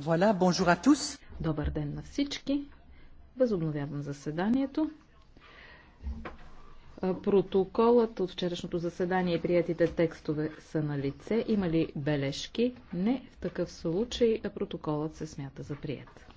Voilà, bonjour à tous. Добър ден на всички. Възобновявам заседанието. Протоколът от вчерашното заседание и приятите текстове са на лице. Има ли бележки? Не. В такъв случай протоколът се смята за прият.